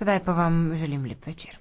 Sedaj pa vam želim lep večer.